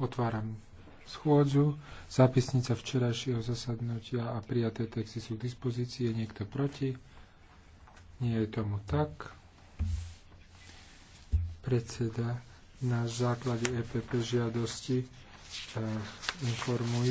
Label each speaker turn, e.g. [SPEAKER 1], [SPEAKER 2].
[SPEAKER 1] Otváram schôdzu. Zápisnica včerajšieho zasadnutia a prijaté texty sú k dispozícii. Je niekto proti? Nie je tomu tak. Predseda na základe EPP žiadosti eh, informuje,